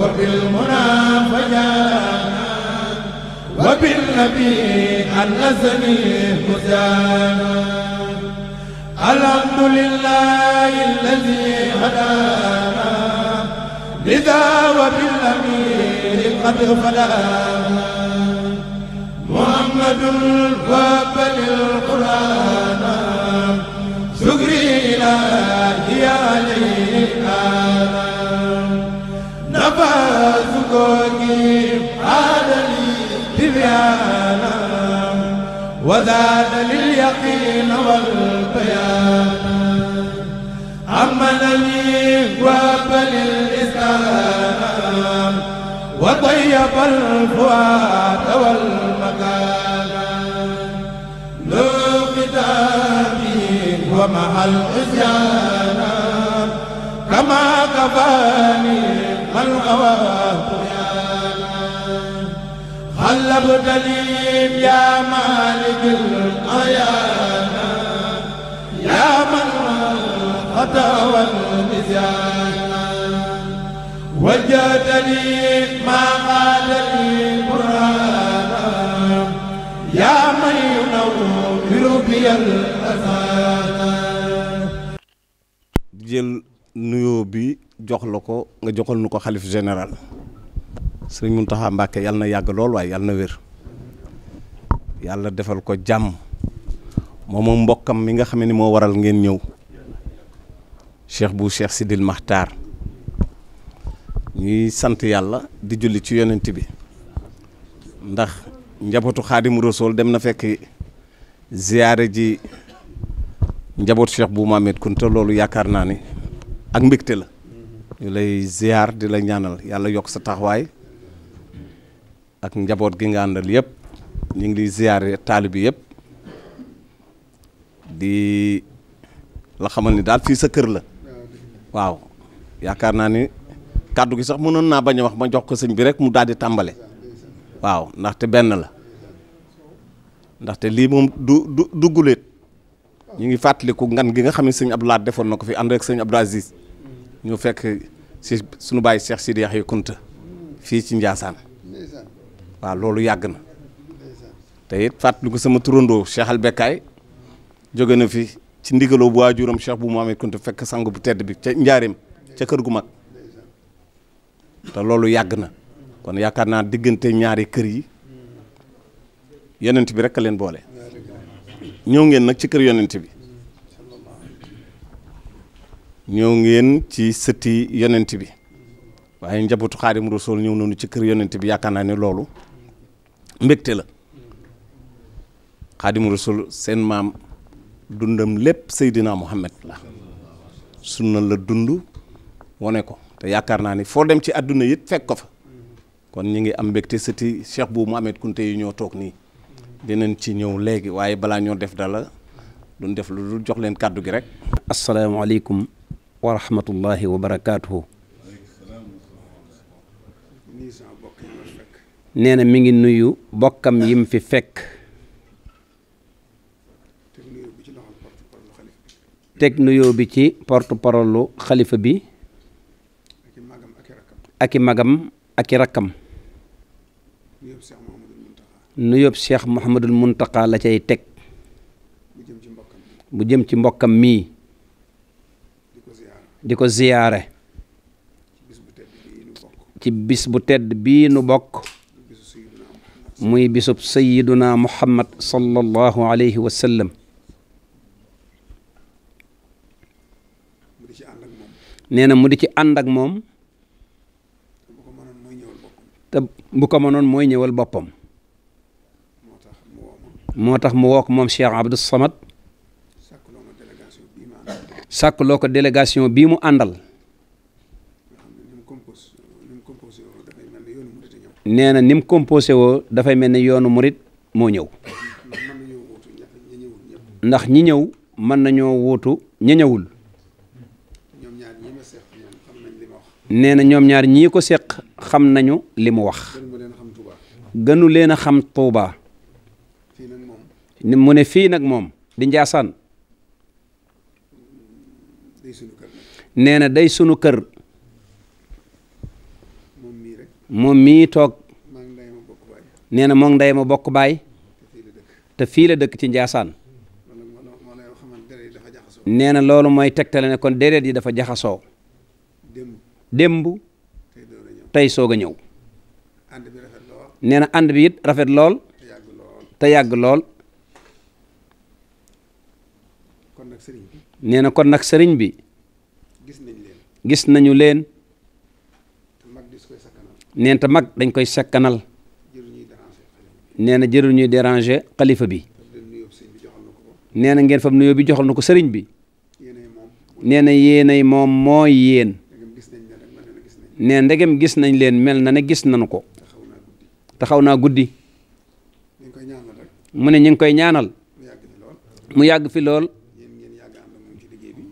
وبالمنى فجانا وبالنبي الأزمي هدانا الحمد لله الذي هدانا لذا وبالأمير قد فلانا محمد وقبل القرآن شكري إلى بيانا وزاد لليقين والبيان أمنني واب للإسلام وطيب الفؤاد والمكان لو كتابي ومع العصيان كما كفاني من أواب هل ابتليم يا مالك الأيانا يا من أتى والمزيانا وجدني ما قال لي قرانا يا من ينور بي الأسانا jël nuyoo bi jox la ko nga joxal nu ko xalif général sëriñ Mountakha Mbacké yàlla na yàgg lool waaye yàlla na wér yàlla defal ko jàmm moom mbokkam mi nga xame ni moo waral ngeen ñëw cheikh bu cheikh Sidil Maxtaar ñuy sant yàlla di julli ci yonent bi ndax njabootu xaadim rasool dem na fekk ziyaare ji njaboot cheikh bu Mamed Kunta loolu yaakaar naa ni ak mbégte la ñu lay ziyaar di la ñaanal yàlla yokk sa taxawaay ak njaboot gi nga àndal yépp ñu ngi di ziare taalibi yëpp di la xamal ni daal fii sa kër la waaw yaakaar naa ni kàddu gi sax mënoon naa bañ a wax ma jox ko sëñ bi rek mu daal di tàmbale waaw ndaxte benn la ndaxte lii moom du du dugguleet ñu ngi fàttaliku ngan gi nga xam ne sëñ ab laa defoon na ko fi ànd ak sëñ Abdou Aziz ñu fekk si sunu bàyyi Cheikh Sidi Yaxya Kunta fii ci Njaasaan waaw loolu yàgg na te it fàttali ko sama turandoo Cheikh bekkaay jóge na fi ci ndigaloo bu waajuram Cheikh bu mu amee Kounta fekk sang bu tedd bi ca njaareem ca kër gu mag te loolu yàgg na kon yaakaar naa diggante ñaari kër yi yonent bi rek leen boole ñëw ngeen nag ci kër yonent bi ñëw ngeen ci sëti yonent bi waaye njabootu Xaadim Rasuul ñëw noonu ci kër yonent bi yaakaar naa ne loolu mbégte la xaadimu rasul seen maam dundam lépp Seydina Muhammad la sunna la dund wane ko te yaakaar naa ni foo dem ci àdduna yit fekk ko fa kon ñu ngi am mbégte sëti Cheikh bu Mouhamed Kounta yi ñoo toog nii dinañ ci ñëw léegi waaye balaa ñoo def dala duñ def lu dul jox leen kàddu gi rek asalaamaaleykum wa rahmatullahi wa neena mi ngi nuyu bokkam yi mu fi fekk teg nuyoo bi ci porte xalifa bi aki magam aki rakkam nuyoob Cheikh Mouhamadul Mountakha la cay teg bu jëm ci mbokkam mii di ko ziyaare ci bis bu tedd bii nu bokk muy bisub sayiduna muhammad sallallahu alayhi wa sallam nee na mu di ci ànd moom te bu ko mënoon mooy ñëwal boppam moo tax mu wook moom Cheikh Abdou Samad sàkk loo ko délégation bii mu àndal nee na ni composé woo dafay mel ni yoonu murit moo ñëw ndax ñi ñëw mën nañoo wuutu ña ñëwul nee na ñoom ñaar ñii ko seq xam nañu li mu wax gënu leen a xam Tuuba mu ne fii nag moom di Njaasaan nee na day sunu kër moom mii toog nee na moom nday ma bokk baay te fii la dëkk ci Njaasaan nee na loolu mooy tegtale ne kon deret yi dafa jaxasoo démb tey soog a ñëw nee na ànd bi it rafet lool te yàgg lool nee na kon nag sëriñ bi gis nañu leen neen te mag dañ koy sakkanal nee na jërul ñuy déranger bi nee na ngeen fam nuyoo bi joxal na ko sëriñ bi nee na yéenay moom moo yéen ne ndegem gis nañ leen mel na ne gis nañu ko te xaw naa guddi mu ne ñu ngi koy ñaanal mu yàgg fi lool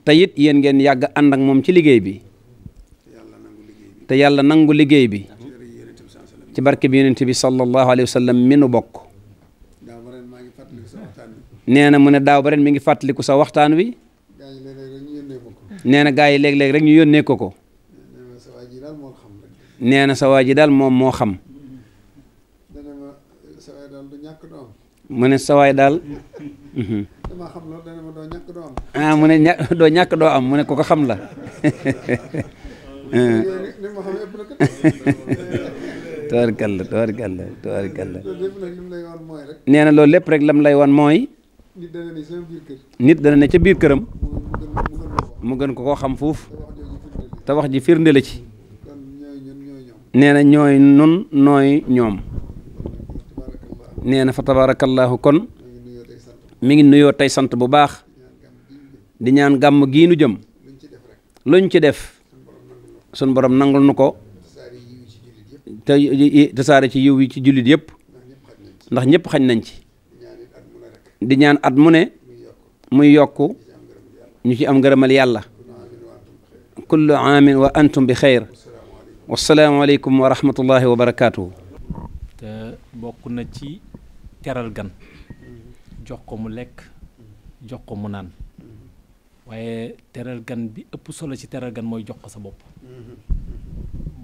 te it yéen ngeen yàgg ànd moom ci liggéey bi te yàlla nangu liggéey bi ci barke bi yonent bi sallallahu alayhi wa sallam mi nu bokk nee na mu ne daaw ba ren mi ngi fàttaliku sa waxtaan wi nee na gaa yi léeg rek ñu yónnee ko ko nee na sa waa ji daal moom moo xam mu ne sa waay daal mhm. ah, mu ne doo ñàkk doo am mu ne ko ko xam la tabarkalla tabarkalla nee na loolu lépp rek lam lay wan mooy nit dana ne ca biir këram mu gën ko koo xam fuuf te wax ji firnde la ci nee ñooy nun nooy ñoom nee na fa tabarakallahu kon mi ngi nuyoo tey sant bu baax di ñaan gàmm giinu nu jëm luñ ci def sun boroom nangul nu ko te tasaare ci yiw yi ci jullit yëpp ndax ñëpp xañ nañ ci di ñaan at mu ne muy yokk ñu ci am ngërëmal yàlla kullu aamin wa antum bi xeyr wasalaamaaleykum wa rahmatullahi wa barakaatuhu te bokk na ci teral gan jox ko mu lekk jox ko mu naan waaye teral gan bi ëpp solo ci teral gan mooy jox ko sa bopp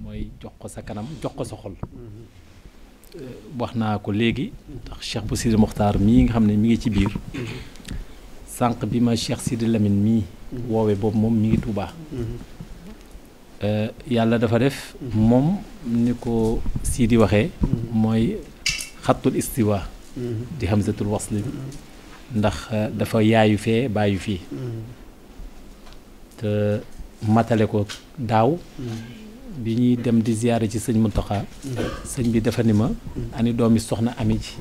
mooy jox ko sa kanam jox ko sa xol mm-hmm. wax naa ko léegi ndax Cheikh Bassirou Mokhtar mii nga xam ne mi ngi ci biir mm-hmm. sànq bi ma Cheikh Sidi Lamine mii mm-hmm. woowee boobu moom mu ngi Tuubaa euh, yàlla dafa def moom ni ko sii di waxee mooy xattul istiwa di hamzatul wasli ndax euh, dafa yaayu fee bàyyu fii te matale ko daaw bi ñuy dem di ziyaare ci sëñ Muntaxa sëñ bi dafa ni ma ani doomi soxna ami ci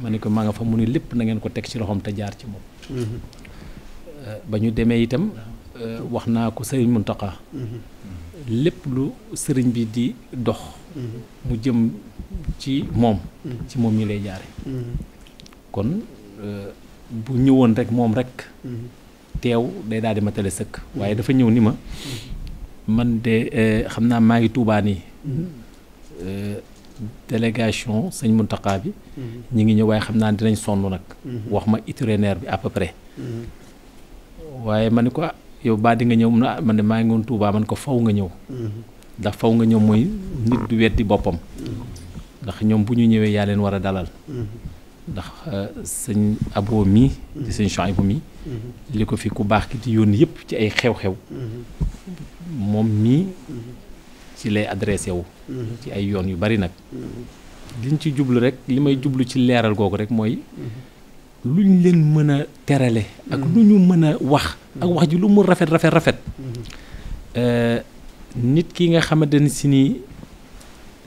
ma ne ko maa nga fa mu ni lépp nangeen ko teg ci loxoom te jaar ci moom euh, ba ñu demee itam euh, wax naa ko sëriñ Muntaxa lépp lu sëriñ bi di dox mu jëm ci moom ci moom ñi lay jaare kon euh, bu ñëwoon rek moom rek teew day daal di matale sëkk waaye dafa ñëw ni ma man de euh, xam naa maa ngi Tuubaa nii mhm. euh, délégation sëñ Muntaxa bi mhm. ñi ngi ñëw waaye xam naa dinañ sonn nag mhm. wax ma itinéraire bi à peu près waaye ma ne ko yow baa di nga ñëw mun a ah, man de maa ngi woon Tuubaa man ko faw nga ñëw ndax faw nga ñëw mooy nit du weddi boppam ndax ñoom bu ñu ñëwee yaa leen war a dalal ndax euh, sëñ aboo mii sëñ Chouaïbou mi mhm. li ko fi ku baax ki di yónni yëpp ci ay xew-xew mhm. moom mii mhm. ci lay adressé wu ci ay yoon yu bari nag liñ ci jublu rek li may jublu ci leeral googu rek mooy luñ leen mën a terale ak lu ñu mën a wax ak wax ji lu mu rafet rafet rafet euh, nit ki nga xamante ne si ni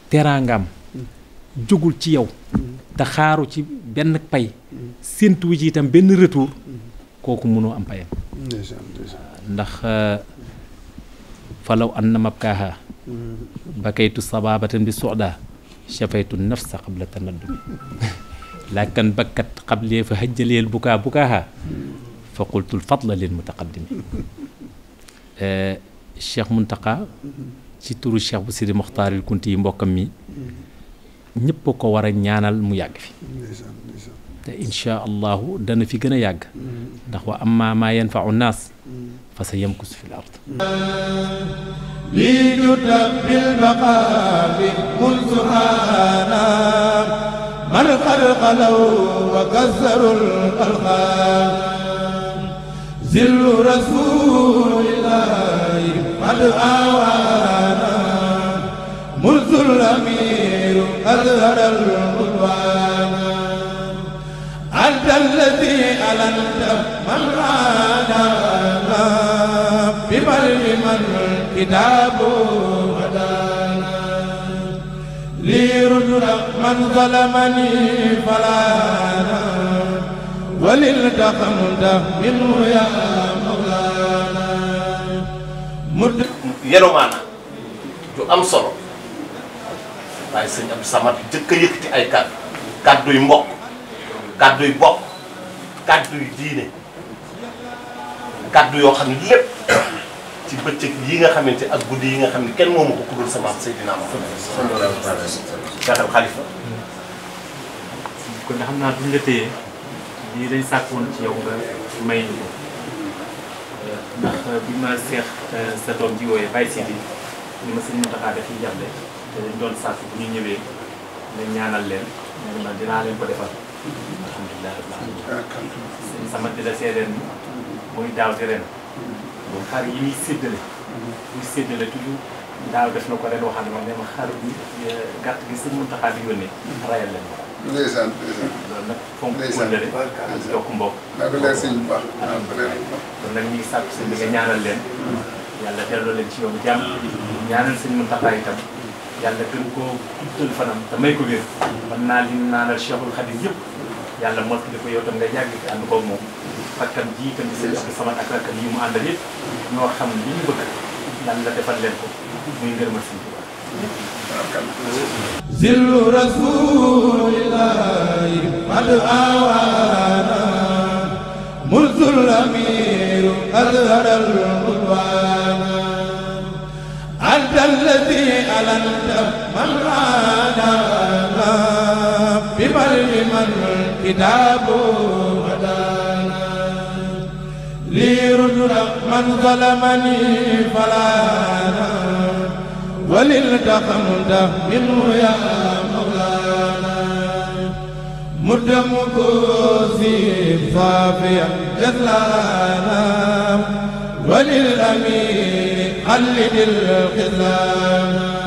teraangaam jógul ci yow te xaaru ci benn pay séentuwu ci itam benn retour kooku mënoo am payam ah, ndax ah, falaw an na mabkaaha bakaytu sababatan bi soda shafaytu nafsa qabla tanaddumi laakan bakkat xablee fa hajjaleel bukaa bukaaha fa qultul fadla lil mutaqaddimi eh, cheikh Muntaqa ci turu cheikh bu Sidi Moxtaaril Kunti yi mbokkam mi ñëpp ko war a ñaanal mu yàgg fi te incha allahu dana fi gën a yàgg ndax wa amma maa yanfau naas fa sa yamkus fi l ard lii judda bil baqaabi mulsuhaana man qad xalaw wa kazzaru l alqaam zillu rasulillahi qad aawaana mulsul amiru azhara l udwaana الذي ألنت من عاد ببلغ من كتابه هدانا لي رجل من ظلمني فلا وللتقمت منه يا مولانا مرد يلومانا جو أم solo waaye sëñ Abdou Samad jëkk a yëkkati ay kàddu kàddu yu mbokk kàddu yu bokk kàddu yu diine kàddu yoo xam ne lépp ci bëccëg yi nga xamante ak guddi yi nga xam kenn moom ko ku dul sama Seydina Muhammad Cheikh al Khalifa kon xam naa duñ la téye lii may ma seex eh, sa doom ji wooyee Baye Sidi ni te dañ doon sàkk bu ñu ñëwee nga ñaanal leen ma dinaa leen ko defal alhamdulilah rabbil alamin sama di la seedeel ni muy daaw di ren xar yi muy séddale muy séddale toujours daaw def na ko ren waxal ma ne ma xar bi gàtt gi sëñ Muntaxa di yónnee rayal leen ko ndeysaan ndeysaan loolu nag fonk nag ñu ngi sàkku sëñ bi nga ñaanal leen yàlla delloo leen ci yoonu jàmm ñaanal sëñ Muntaxa itam yàlla gën koo guddal fanam te may ko wér man naa li naanal Cheikhul Khadim yëpp yàlla mot li ko yow tam nga yàgg fi ànd koog moom rakkam jii tam seen ak sama ak rakkam yi mu àndal yëpp ñoo xam li ñu bëgg yàlla defal leen ko muy ngërëmal seen tubaab zillu rasulillahi qad awana mulzul amiru azharal qudwana الذي ألنت من عاد ببلغ من كتابه هدانا ليرد من ظلمني فلا وللتقمت منه يا مولانا مدم كوسي صافيا جزلانا وللأمين خلد الخذلان